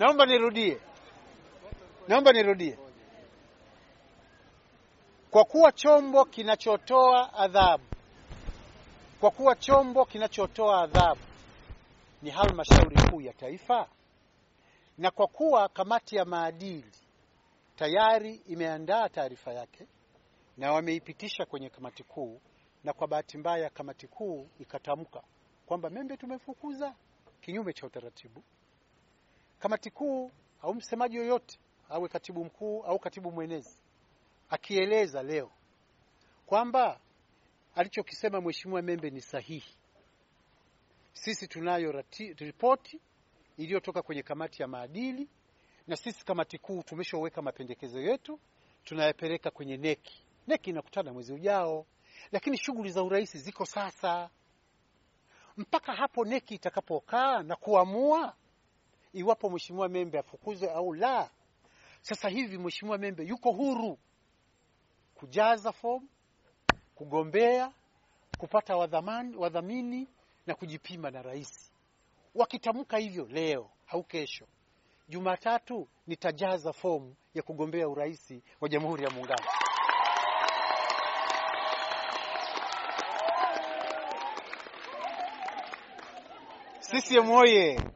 Naomba nirudie, naomba nirudie. Kwa kuwa chombo kinachotoa adhabu, kwa kuwa chombo kinachotoa adhabu ni halmashauri kuu ya taifa, na kwa kuwa kamati ya maadili tayari imeandaa taarifa yake na wameipitisha kwenye kamati kuu, na kwa bahati mbaya kamati kuu ikatamka kwamba Membe tumefukuza kinyume cha utaratibu kamati kuu au msemaji yoyote awe katibu mkuu au katibu mwenezi akieleza leo kwamba alichokisema Mheshimiwa Membe ni sahihi, sisi tunayo ripoti iliyotoka kwenye kamati ya maadili, na sisi kamati kuu tumeshaweka mapendekezo yetu, tunayapeleka kwenye neki. Neki inakutana mwezi ujao, lakini shughuli za urais ziko sasa. Mpaka hapo neki itakapokaa na kuamua iwapo mheshimiwa Membe afukuzwe au la. Sasa hivi mheshimiwa Membe yuko huru kujaza fomu, kugombea, kupata wadhamani, wadhamini na kujipima na rais. Wakitamka hivyo leo au kesho Jumatatu nitajaza fomu ya kugombea urais wa Jamhuri ya Muungano. Sisi oye!